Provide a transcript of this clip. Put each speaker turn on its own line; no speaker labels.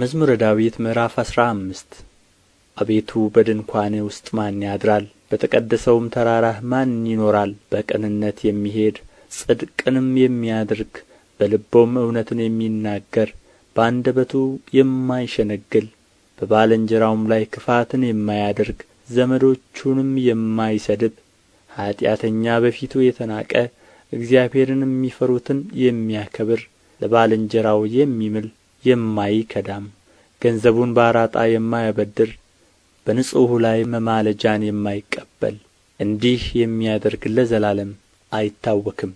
መዝሙረ ዳዊት ምዕራፍ አስራ አምስት አቤቱ በድንኳኔ ውስጥ ማን ያድራል? በተቀደሰውም ተራራህ ማን ይኖራል? በቅንነት የሚሄድ ጽድቅንም የሚያደርግ በልቦም እውነትን የሚናገር በአንደበቱ የማይሸነግል በባልንጀራውም ላይ ክፋትን የማያደርግ ዘመዶቹንም የማይሰድብ ኃጢአተኛ በፊቱ የተናቀ እግዚአብሔርን የሚፈሩትን የሚያከብር ለባልንጀራው የሚምል የማይከዳም ገንዘቡን በአራጣ የማያበድር በንጹሑ ላይ መማለጃን የማይቀበል እንዲህ የሚያደርግ ለዘላለም አይታወክም